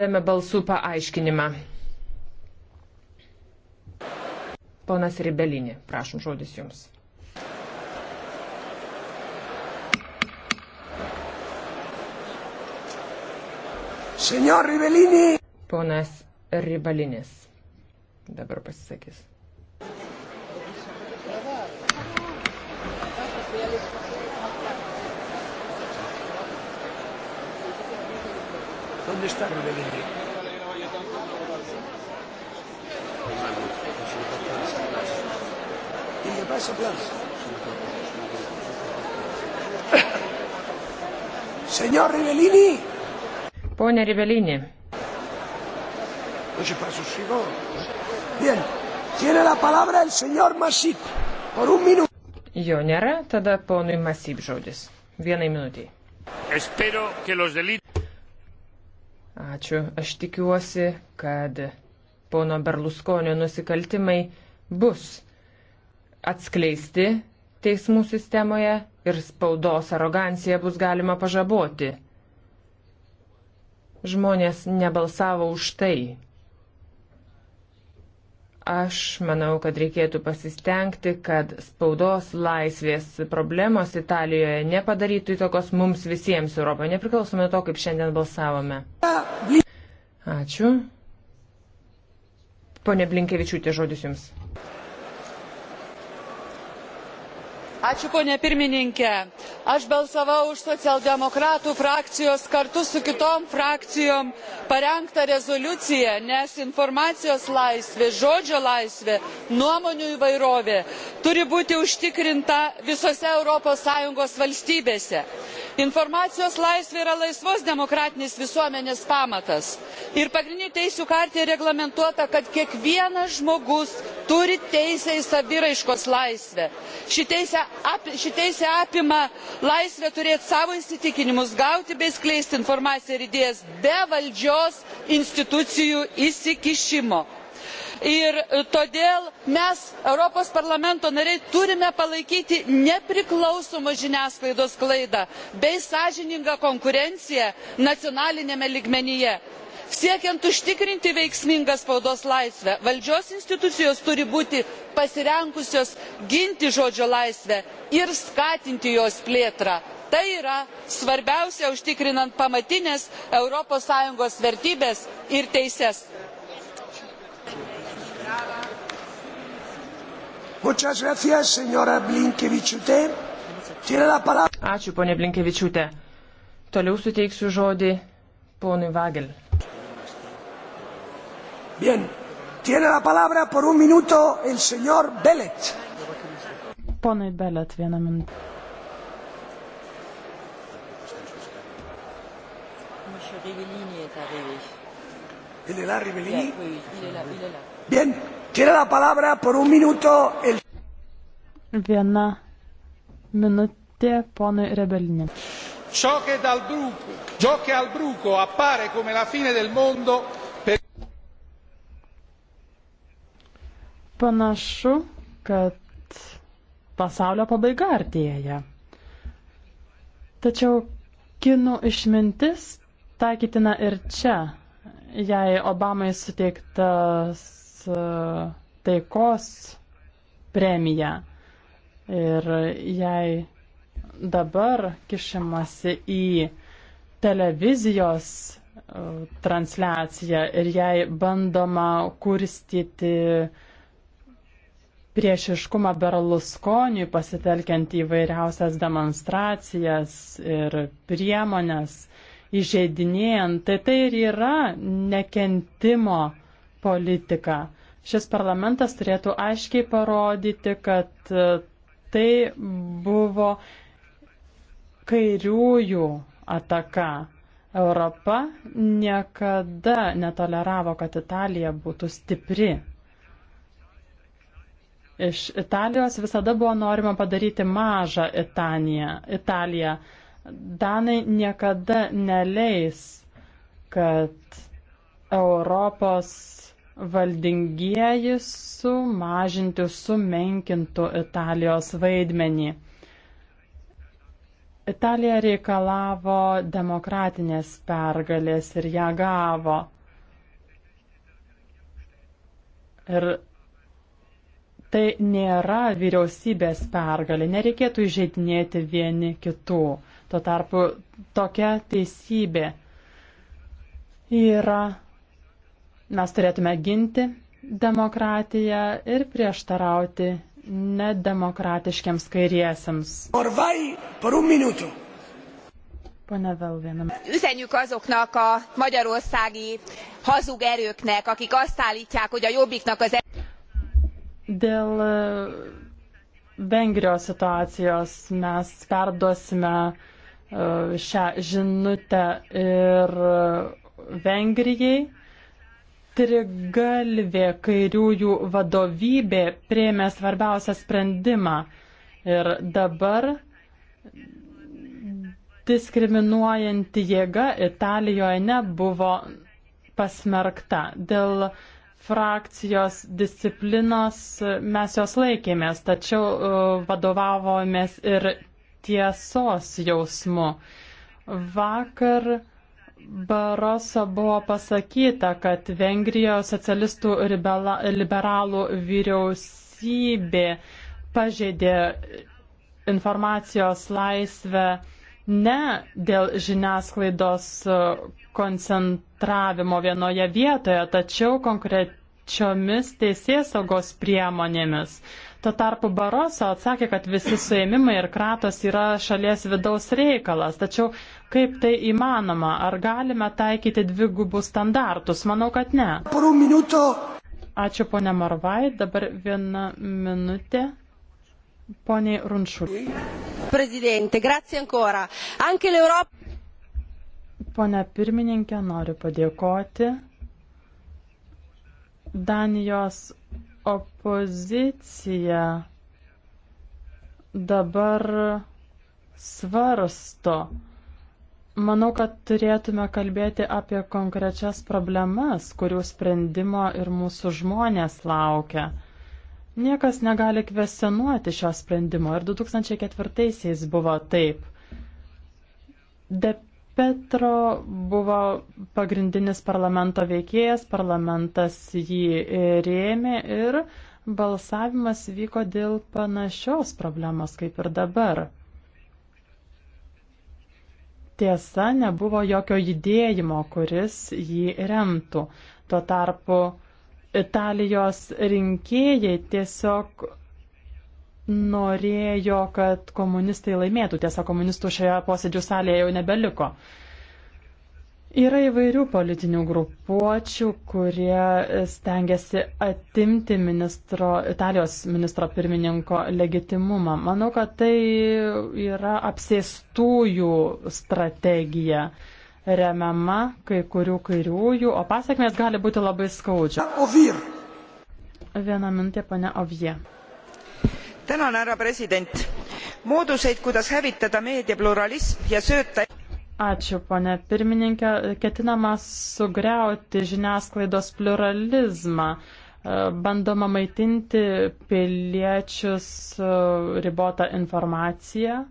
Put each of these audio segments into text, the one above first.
Turime balsų paaiškinimą. Ponas Ribelinė, prašom žodis jums. Senor Ribelinė. Ponas Ribalinis dabar pasisakys. ¿Dónde está Rebelinde? ¿Y qué pasa, Plaza? Señor Ribelini. Pone Ribelini. No se pasó, sigo. Bien, tiene la palabra el señor Masip por un minuto. Jo nėra, tada ponui Masip žodis. Vienai minutiai. Espero que los delitos. Ačiū. Aš tikiuosi, kad pono Berlusconio nusikaltimai bus atskleisti teismų sistemoje ir spaudos aroganciją bus galima pažaboti. Žmonės nebalsavo už tai, Aš manau, kad reikėtų pasistengti, kad spaudos laisvės problemos Italijoje nepadarytų įtakos mums visiems Europoje, nepriklausomai to, kaip šiandien balsavome. Ačiū. Pone Blinkevičiūtė, žodis Jums. aš balsavau už socialdemokratų frakcijos kartu su kitom frakcijom parengtą rezoliuciją nes informacijos laisvė žodžio laisvė nuomonių įvairovė turi būti užtikrinta visose europos sąjungos valstybėse informacijos laisvė yra laisvos demokratinės visuomenės pamatas ir pagrindinių teisių chartijoje reglamentuota kad kiekvienas žmogus turi teisę į saviraiškos laisvę. ši teisė, ap, ši teisė apima laisvę turėti savo įsitikinimus gauti bei skleisti informaciją ir idėjas be valdžios institucijų įsikišimo ir e, todėl mes europos parlamento nariai turime palaikyti nepriklausomos žiniasklaidos sklaidą bei sąžiningą konkurenciją nacionaliniame lygmenyje. siekiant užtikrinti veiksmingą spaudos laisvę valdžios institucijos turi būti pasirengusios ginti žodžio laisvę ir skatinti jos plėtrą. tai yra svarbiausia užtikrinant pamatines europos sąjungos vertybes ir teises. Muchas gracias, senora Blinkevičiūtė. Ačiū, ponė Blinkevičiūtė. Toliau suteiksiu žodį ponui Vagel. Bien. Tiene la palabra por un minuto el señor Bellet. Ponui Bellet, vieną minutę. Monsieur Rivellini est arrivé. Il est là, Rivellini? Oui, il est là, il est là. Bien. Tiene la palabra por un minuto el... Viena minutė ponui Rebelinė. Ciò che, dal bruco, ciò che al bruco appare come la fine del mondo per... Panašu, kad pasaulio pabaiga artėja. Tačiau kinų išmintis taikytina ir čia, jei Obamai suteiktas taikos premiją. Ir jei dabar kišimasi į televizijos e, transliaciją ir jei bandoma kurstyti priešiškumą Berluskoniui pasitelkiant įvairiausias demonstracijas ir priemonės, įžeidinėjant, tai tai ir yra nekentimo politika. Šis parlamentas turėtų aiškiai parodyti, kad e, tai buvo kairiųjų ataka. Europa niekada netoleravo, kad Italija būtų stipri. Iš Italijos visada buvo norima padaryti mažą Itaniją, Italiją. Danai niekada neleis, kad Europos valdingieji sumažinti, sumenkintų Italijos vaidmenį. Italija reikalavo demokratinės pergalės ir ją gavo. Ir tai nėra vyriausybės pergalė, nereikėtų įžeidinėti vieni kitų. Tuo tarpu tokia teisybė yra Mes turėtume ginti demokratiją ir prieštarauti nedemokratiškiams kairiesiams. Orvai, por un minuto. Pane Velvénem. Üzenjük azoknak a magyarországi hazug erőknek, akik azt állítják, hogy a jobbiknak az... E- Dėl Vengrijos situacijos mes perduosime šią žinutę ir Vengrijai trigalvė kairiųjų vadovybė prieimė svarbiausią sprendimą ir dabar diskriminuojanti jėga Italijoje nebuvo pasmerkta. Dėl frakcijos disciplinos mes jos laikėmės, tačiau e, vadovavomės ir tiesos jausmu. Vakar Baroso buvo pasakyta, kad Vengrijos socialistų liberalų vyriausybė pažeidė informacijos laisvę ne dėl žiniasklaidos koncentravimo vienoje vietoje, tačiau konkrečiomis teisėsaugos priemonėmis. Tuo tarpu Baroso atsakė, kad visi suėmimai ir kratos yra šalies vidaus reikalas. Tačiau kaip tai įmanoma? Ar galime taikyti dvigubus standartus? Manau, kad ne. Ačiū ponė Marvai. Dabar viena minutė. Pone Runšulė. Prezidente, grazie ancora. Anche l'Europa. Pone pirmininkė, noriu padėkoti Danijos opozicija dabar svarsto. Manau, kad turėtume kalbėti apie konkrečias problemas, kurių sprendimo ir mūsų žmonės laukia. Niekas negali kvestionuoti šio sprendimo ir 2004-aisiais buvo taip. De Petro buvo pagrindinis parlamento veikėjas, parlamentas jį rėmė ir balsavimas vyko dėl panašios problemos kaip ir dabar. Tiesa, nebuvo jokio judėjimo, kuris jį remtų. Tuo tarpu Italijos rinkėjai tiesiog norėjo, kad komunistai laimėtų. Tiesa, komunistų šioje posėdžių salėje jau nebeliko. Yra įvairių politinių grupuočių, kurie stengiasi atimti ministro, Italijos ministro pirmininko legitimumą. Manau, kad tai yra apsėstųjų strategija remiama kai kurių kairiųjų, o pasiekmes gali būti labai skaudžios. Viena mintė, pane Ovie mooduseid kuidas hävitada meedia pluralism ja sööta. ačiū pone pirmininke ketinama sugriauti žiniasklaidos pliuralizmą e, bandoma maitinti piliečius e, ribota informacija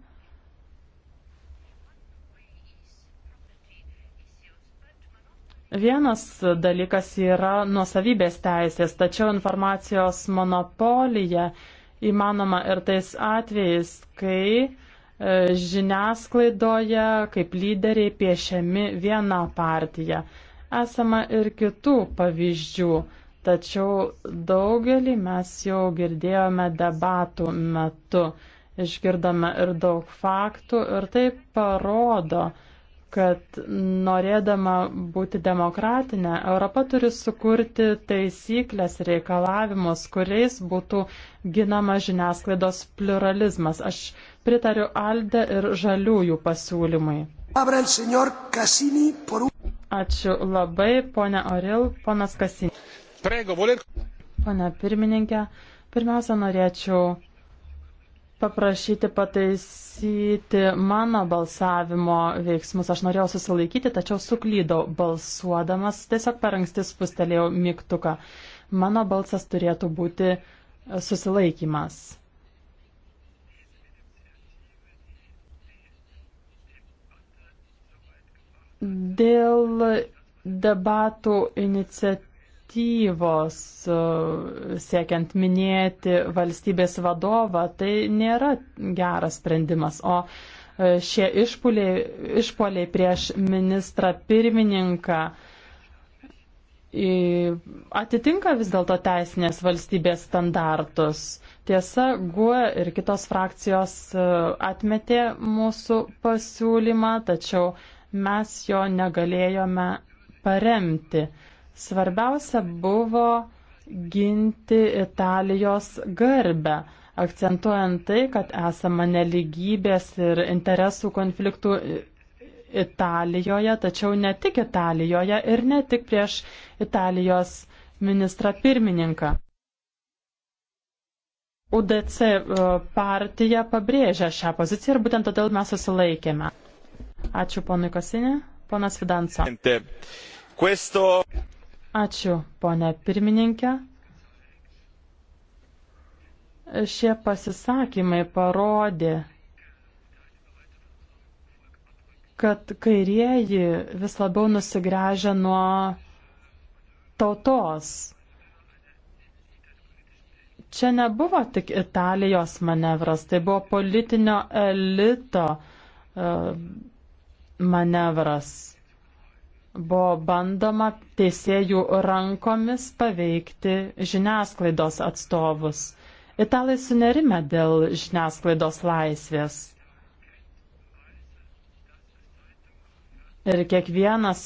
Vienas dalykas yra nuosavybės teisės, tačiau informacijos monopolija įmanoma ir tais atvejais, kai e, žiniasklaidoje kaip lyderiai piešiami viena partija. Esama ir kitų pavyzdžių, tačiau daugelį mes jau girdėjome debatų metu. Išgirdome ir daug faktų ir tai parodo, kad norėdama būti demokratinė, Europa turi sukurti taisyklės ir reikalavimus, kuriais būtų ginama žiniasklaidos pluralizmas. Aš pritariu Alde ir Žaliųjų pasiūlymui. Ačiū labai, ponia Oril, ponas Kasinė. Pone pirmininkė, pirmiausia norėčiau paprašyti pataisyti mano balsavimo veiksmus. Aš norėjau susilaikyti, tačiau suklydau balsuodamas, tiesiog per anksti spustelėjau mygtuką. Mano balsas turėtų būti susilaikimas. Dėl debatų iniciatyvų iniciatyvos e, siekiant minėti valstybės vadovą, tai nėra geras sprendimas. O e, šie išpuliai, išpoliai prieš ministrą pirmininką atitinka vis dėlto teisinės valstybės standartus. Tiesa, GUE ir kitos frakcijos e, atmetė mūsų pasiūlymą, tačiau mes jo negalėjome paremti. Svarbiausia buvo ginti Italijos garbę, akcentuojant tai, kad esama neligybės ir interesų konfliktų Italijoje, tačiau ne tik Italijoje ir ne tik prieš Italijos ministrą pirmininką. UDC e, partija pabrėžia šią poziciją ir būtent todėl mes susilaikėme. Ačiū ponui Kosinė, ponas Fidansa. Questo... Ačiū, ponė pirmininkė. Šie pasisakymai parodė, kad kairieji vis labiau nusigręžia nuo tautos. Čia nebuvo tik Italijos manevras, tai buvo politinio elito e, manevras buvo bandoma teisėjų rankomis paveikti žiniasklaidos atstovus. Italai sunerime dėl žiniasklaidos laisvės. Ir kiekvienas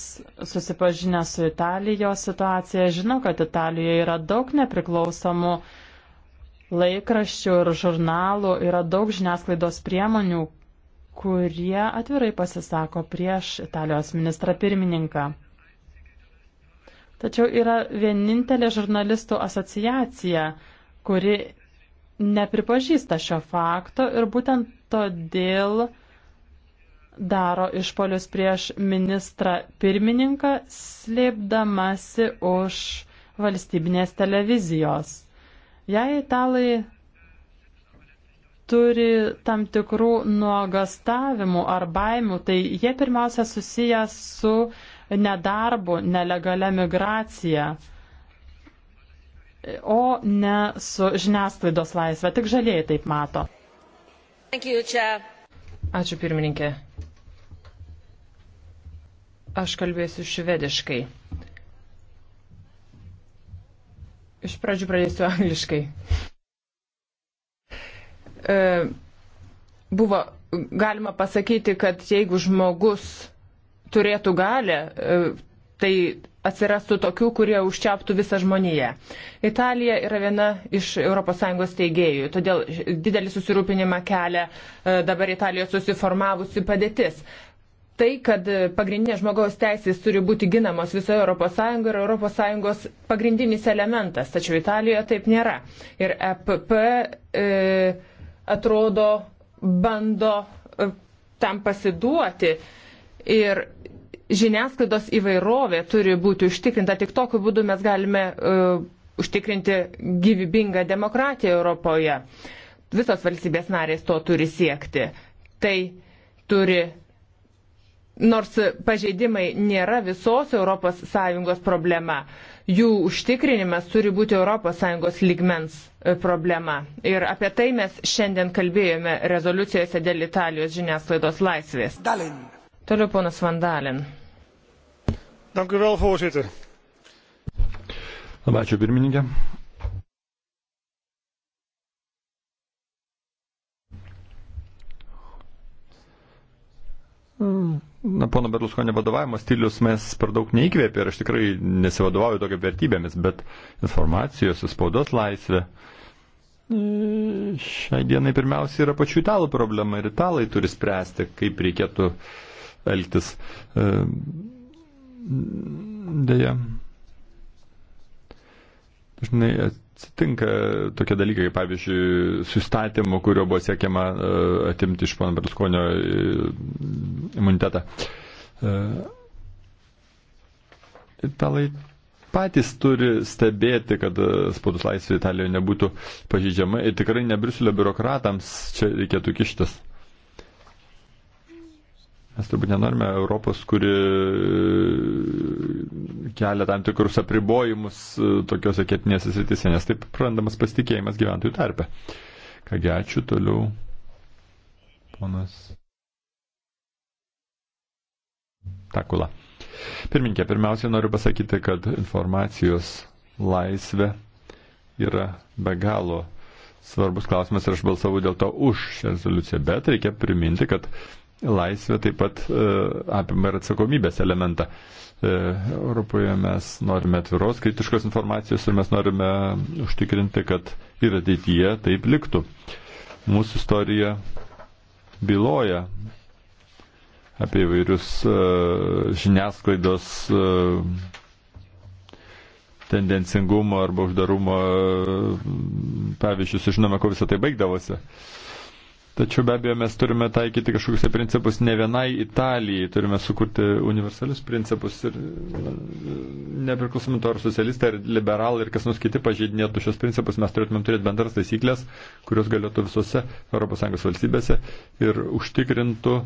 susipažinęs su Italijos situacija žino, kad Italijoje yra daug nepriklausomų laikraščių ir žurnalų, yra daug žiniasklaidos priemonių, kurie atvirai pasisako prieš Italijos ministrą pirmininką. Tačiau yra vienintelė žurnalistų asociacija, kuri nepripažįsta šio fakto ir būtent todėl daro išpolius prieš ministrą pirmininką, slėpdamasi už valstybinės televizijos. Jei italai turi tam tikrų nuogastavimų ar baimių, tai jie pirmiausia susiję su nedarbu, nelegalia migracija, o ne su žiniasklaidos laisvė. Tik žalieji taip mato. You, Ačiū pirmininkė. Aš kalbėsiu švediškai. Iš pradžių pradėsiu angliškai. E, buvo galima pasakyti, kad jeigu žmogus turėtų galę, e, tai atsirastų tokių, kurie užčiaptų visą žmoniją. Italija yra viena iš ES teigėjų, todėl didelį susirūpinimą kelia e, dabar Italijoje susiformavusi padėtis. Tai, kad pagrindinės žmogaus teisės turi būti ginamos visoje ES ir ES pagrindinis elementas, tačiau Italijoje taip nėra. Ir EPP. E, atrodo bando e, tam pasiduoti. Ir žiniasklaidos įvairovė turi būti užtikrinta. Tik tokiu būdu mes galime uh, užtikrinti gyvybingą demokratiją Europoje. Visos valstybės narės to turi siekti. Tai turi nors pažeidimai nėra visos ES problema, jų užtikrinimas turi būti ES lygmens e, problema. Ir apie tai mes šiandien kalbėjome rezoliucijose dėl Italijos žiniasklaidos laisvės. Dalin. Toliau ponas Vandalin. Dank u wel, voorzitter. Labai ačiū pirmininkė. Mm na, pono Berluskonio vadovavimo stilius mes per daug neįkvėpė ir aš tikrai nesivadovauju tokia vertybėmis, bet informacijos, spaudos laisvė. E, šiai dienai pirmiausia yra pačių italų problema ir italai turi spręsti, kaip reikėtų elgtis. E, deja. Žinai, atsitinka tokie dalykai, kaip pavyzdžiui, sustatymu, kurio buvo siekiama e, atimti iš pana Berlusconio e, imunitetą. E, italai patys turi stebėti, kad spaudos laisvė Italijoje nebūtų pažydžiama ir tikrai ne Briuselio biurokratams čia reikėtų kištis. Mes turbūt nenorime Europos, kuri e, kelia tam tikrus apribojimus e, tokiuose ketinėse sritise, nes taip prarandamas pasitikėjimas gyventojų tarpe. Kągi, ačiū toliau. Ponas. Takula. Pirminkė, pirmiausia, noriu pasakyti, kad informacijos laisvė yra be galo svarbus klausimas ir aš balsavau dėl to už šią rezoliuciją, bet reikia priminti, kad laisvė taip pat e, apima ir atsakomybės elementą. E, Europoje mes norime atviros kritiškos informacijos ir mes norime užtikrinti, kad ir ateityje taip liktų. Mūsų istorija byloja apie įvairius e, žiniasklaidos tendencingumo arba uždarumo pavyzdžius. Žinome, kuo visą tai baigdavosi. Uh, Tačiau be abejo mes turime taikyti kažkokius tai principus ne vienai Italijai, turime sukurti universalius principus ir e, nepriklausomi to ar socialistai, ar liberalai, ir kas nors kiti pažeidinėtų šios principus, mes turėtumėm turėti bendras taisyklės, kurios galėtų visose ES valstybėse ir užtikrintų e,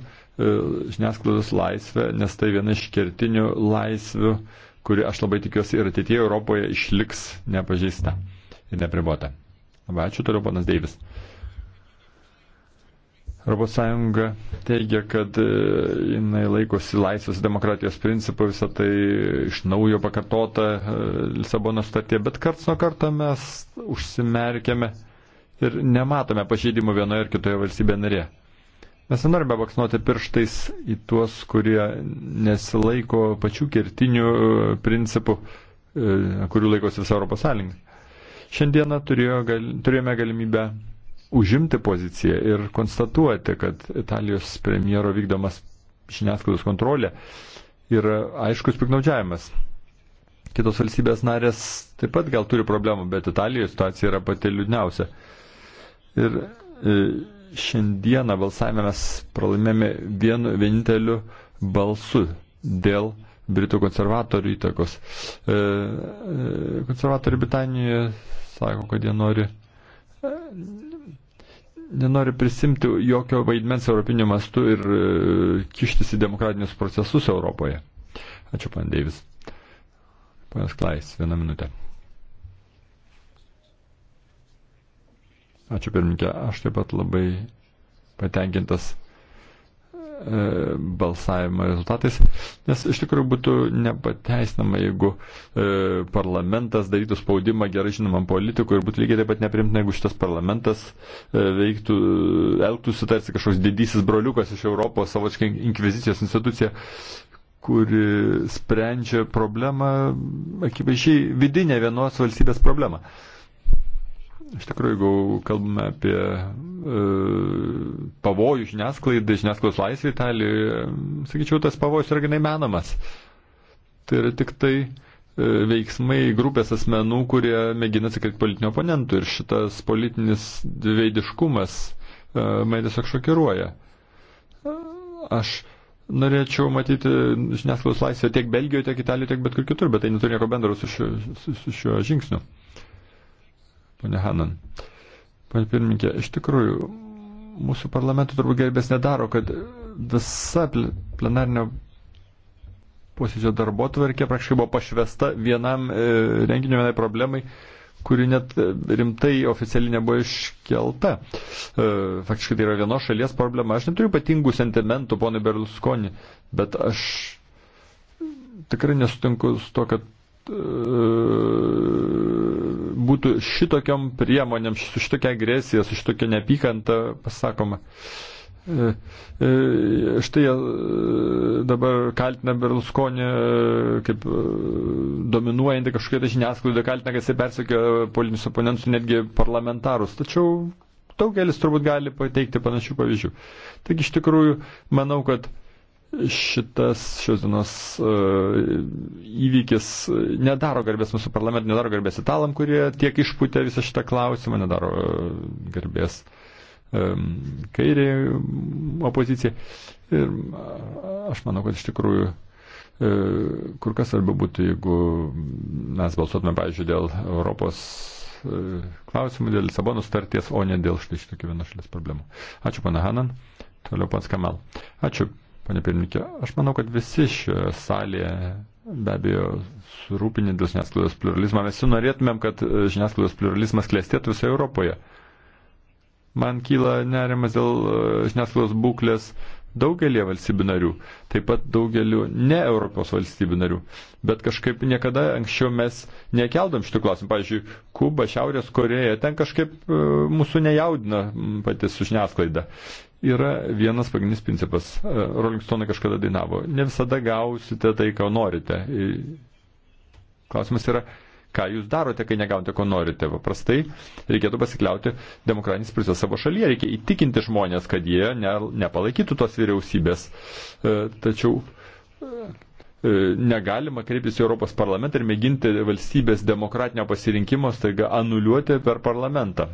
žiniasklaidos laisvę, nes tai viena iš kertinių laisvių, kuri aš labai tikiuosi ir ateityje Europoje išliks nepažeista ir nepribota. Labai ačiū, toliau ponas Deivis. ES teigia, kad e, jinai laikosi laisvės demokratijos principų, visą tai iš naujo pakartota e, Lisabono startė, bet karts nuo karto mes užsimerkėme ir nematome pažeidimų vienoje ar kitoje valstybėje narėje. Mes nenorime baksnuoti pirštais į tuos, kurie nesilaiko pačių kertinių e, principų, kurių laikosi visa Europos sąjunga. Šiandieną turėjo, gal, turėjome galimybę užimti poziciją ir konstatuoti, kad Italijos premjero vykdomas žiniasklaidos kontrolė yra aiškus piknaudžiavimas. Kitos valstybės narės taip pat gal turi problemų, bet Italijoje situacija yra pati liūdniausia. Ir e, šiandieną balsavime mes pralaimėjome vienu vieninteliu balsu dėl Britų konservatorių įtakos. E, e, konservatoriai Britanijoje sako, kad jie nori nenori prisimti jokio vaidmens europiniu mastu ir e, kištis į demokratinius procesus Europoje. Ačiū, pan Deivis. Panas Klais, vieną minutę. Ačiū, pirmininkė. Aš taip pat labai patenkintas E, balsavimo rezultatais, nes iš tikrųjų būtų nepateisinama, jeigu e, parlamentas darytų spaudimą gerai žinomam politikui ir būtų lygiai taip pat neprimtina, jeigu šitas parlamentas e, veiktų, elgtųsi tarsi kažkoks didysis broliukas iš Europos, savočkai inkvizicijos institucija, kuri sprendžia problemą, akivaizdžiai vidinę vienos valstybės problemą. Iš tikrųjų, jeigu kalbame apie e, pavojų žiniasklaidai, žiniasklaidos laisvė Italijoje, sakyčiau, tas pavojus yra ganai menamas. Tai yra tik tai e, veiksmai grupės asmenų, kurie mėgina atsikratyti politinio oponentų ir šitas politinis dviveidiškumas e, mane tiesiog šokiruoja. Aš norėčiau matyti žiniasklaidos laisvę tiek Belgijoje, tiek Italijoje, tiek bet kur kitur, bet tai neturi nieko bendro su šiuo, su, su šiuo žingsniu. Pone Hanan. Pane pirmininkė, iš tikrųjų, mūsų parlamentų turbūt gerbės nedaro, kad visa plenarnio posėdžio darbo tvarkė praktiškai buvo pašvesta vienam e, renginiu, vienai problemai, kuri net e, rimtai oficialiai nebuvo iškelta. E, faktiškai tai yra vienos šalies problema. Aš neturiu ypatingų sentimentų, ponai Berlusconi, bet aš tikrai nesutinku su to, kad e, būtų šitokiam priemonėm, su šitokia agresija, su šitokia nepykanta pasakoma. E, e, štai e, dabar kaltina Berlusconį kaip dominuojantį kažkokią tai žiniasklaidą, kaltina, kad jisai persekio politinius oponentus, netgi parlamentarus. Tačiau daugelis turbūt gali pateikti panašių pavyzdžių. Taigi iš tikrųjų manau, kad šitas šios dienos uh, įvykis nedaro garbės mūsų parlamentui, nedaro garbės italam, kurie tiek išputė visą šitą klausimą, nedaro uh, garbės um, kairė opozicija. Ir aš manau, kad iš tikrųjų uh, kur kas svarbiau būtų, jeigu mes balsuotume, pavyzdžiui, dėl Europos klausimų, dėl Lisabono starties, o ne dėl štai šitokių vienos šalies problemų. Ačiū, pana Hanan. Toliau pats Kamal. Ačiū, Pane pirmininkė, aš manau, kad visi šioje salėje be abejo surūpinė dėl žiniasklaidos pluralizmą. Mes jau norėtumėm, kad e, žiniasklaidos pluralizmas klestėtų visoje Europoje. Man kyla nerimas dėl e, žiniasklaidos būklės daugelį valstybių narių, taip pat daugeliu ne Europos valstybių narių. Bet kažkaip niekada anksčiau mes nekeldam šitų klausimų. Pavyzdžiui, Kuba, Šiaurės Koreja, ten kažkaip e, mūsų nejaudina pati su žiniasklaida. Yra vienas pagrindinis principas. E, Rolling Stone kažkada dainavo. Ne visada gausite tai, ką norite. Klausimas yra, ką jūs darote, kai negaunate, ko norite. Paprastai reikėtų pasikliauti demokratinis procesas savo šalyje, reikia įtikinti žmonės, kad jie ne, nepalaikytų tos vyriausybės. E, tačiau e, negalima kreiptis į Europos parlamentą ir mėginti valstybės demokratinio pasirinkimo staiga anuliuoti per parlamentą.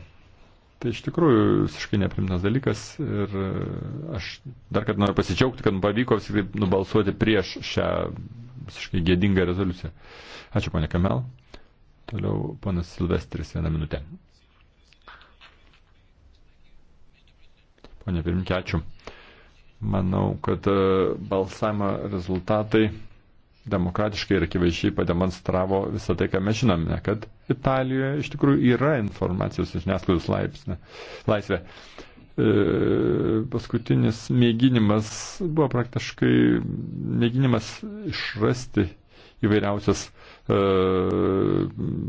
Tai iš tikrųjų visiškai neprimtas dalykas ir e, aš dar kartą noriu pasidžiaugti, kad pavyko nubalsuoti prieš šią visiškai gėdingą rezoliuciją. Ačiū, ponė Kamel. Toliau panas Silvestris vieną minutę. Pone pirmininkė, ačiū. Manau, kad e, balsavimo rezultatai demokratiškai ir akivaizdžiai pademonstravo visą tai, ką mes žinome, kad Italijoje iš tikrųjų yra informacijos žiniasklaidos laisvė. E, paskutinis mėginimas buvo praktiškai mėginimas išrasti įvairiausias E,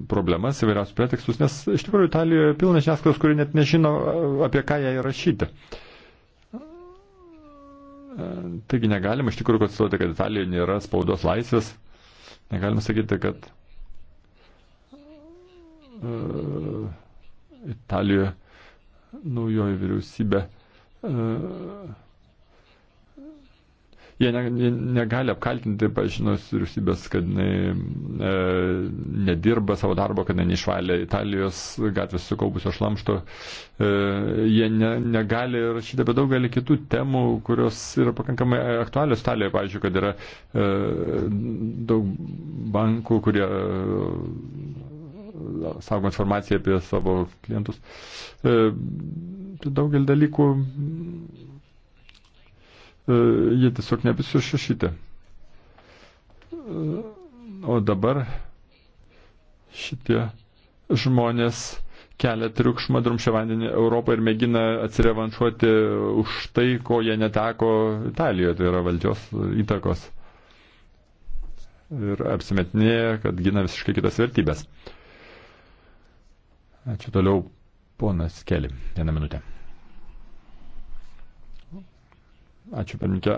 problemas, įvairiausius pretekstus, nes iš tikrųjų Italijoje pilna žiniasklaidos, kuri net nežino, e, apie ką ją rašyti. E, taigi negalima iš tikrųjų konstatuoti, kad Italijoje nėra spaudos laisvės. Negalima sakyti, kad uh, Italijoje naujoji vyriausybė uh, Jie, ne, jie negali apkaltinti pažinos vyriausybės, kad jinai e, nedirba savo darbo, kad jinai neišvalė Italijos gatvės sukaupusio šlamšto. E, jie ne, negali rašyti apie daugelį kitų temų, kurios yra pakankamai aktualios Italijoje. Pavyzdžiui, kad yra e, daug bankų, kurie. E, saugo informaciją apie savo klientus. E, tai daugelį dalykų E, jie tiesiog nepisušašyti. E, o dabar šitie žmonės kelia triukšmą drumšę vandenį Europą ir mėgina atsirevanšuoti už tai, ko jie neteko Italijoje, tai yra valdžios įtakos. Ir apsimetinėja, kad gina visiškai kitas vertybės. Ačiū toliau, ponas Keli. Vieną minutę. Ačiū, pirmininkė.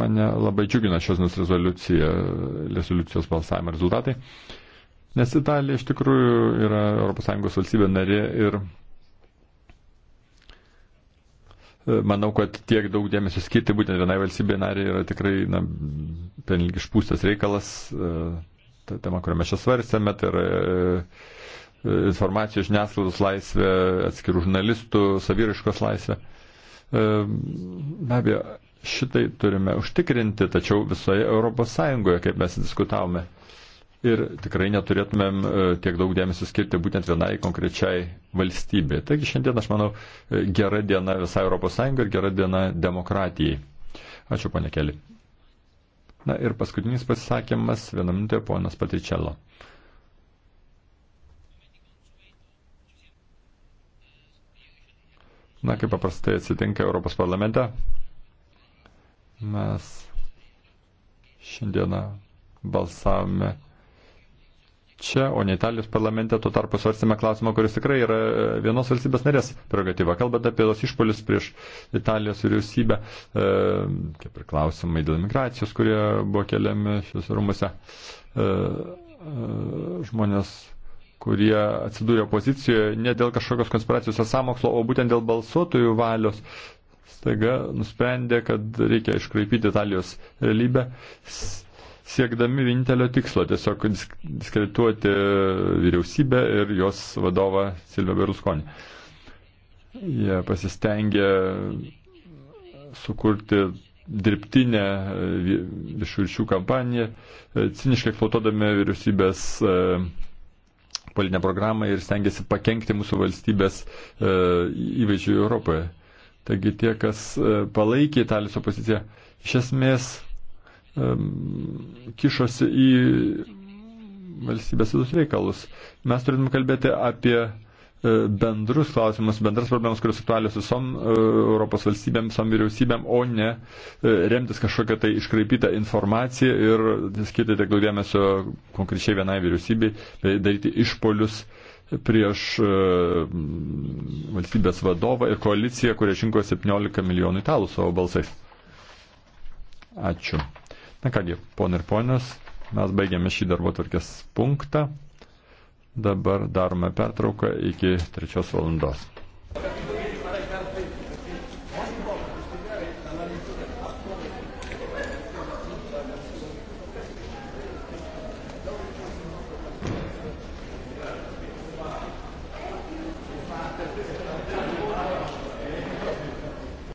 Mane labai džiugina šios nus rezoliucijos balsavimo rezultatai, nes Italija iš tikrųjų yra ES valstybė narė ir e, manau, kad tiek daug dėmesio skirti būtent vienai valstybei nariai yra tikrai penilg išpūstas reikalas. E, ta tema, kurią mes čia svarstėme, tai yra e, informacijos žiniasklaidos laisvė, atskirų žurnalistų, saviriškos laisvė. Be abejo, šitai turime užtikrinti, tačiau visoje ES, kaip mes diskutavome. Ir tikrai neturėtumėm e, tiek daug dėmesio skirti būtent vienai konkrečiai valstybei. Taigi šiandien, aš manau, e, gera diena visai ES ir gera diena demokratijai. Ačiū, ponė Keli. Na ir paskutinis pasisakymas, vieną minutę, ponas Patričelo. Na, kaip paprastai atsitinka Europos parlamente, Mes šiandieną balsavome čia, o ne Italijos parlamente, tuo tarpu svarstėme klausimą, kuris tikrai yra e, vienos valstybės narės prerogatyva. Kalbant apie tos išpolius prieš Italijos vyriausybę, e, kaip ir klausimai dėl migracijos, kurie buvo keliami šios rūmose, e, e, žmonės kurie atsidūrė pozicijoje ne dėl kažkokios konspiracijos ar samokslo, o būtent dėl balsuotojų valios staiga nusprendė, kad reikia iškraipyti Italijos realybę, siekdami vienintelio tikslo - tiesiog diskredituoti vyriausybę ir jos vadovą Silvio Berlusconį. Jie pasistengė sukurti dirbtinę viešų ryšių kampaniją, e, ciniškai eksploatuodami vyriausybės e, politinę programą ir stengiasi pakengti mūsų valstybės e, įvaizdžiui Europoje. Taigi tie, kas e, palaikė Italijos opoziciją, iš esmės e, kišosi į valstybės vidus reikalus. Mes turėtume kalbėti apie e, bendrus klausimus, bendras problemas, kurios aktualios visom Europos valstybėm, visom vyriausybėm, o ne remtis kažkokią tai iškraipytą informaciją ir skirti tiek daug dėmesio konkrečiai vienai vyriausybei, daryti išpolius uh, prieš e, valstybės vadovą ir koaliciją, kurie šinko 17 milijonų italų savo balsais. Ačiū. Na kągi, pon ir ponios, mes baigėme šį darbo tvarkės punktą. Dabar darome pertrauką iki trečios valandos.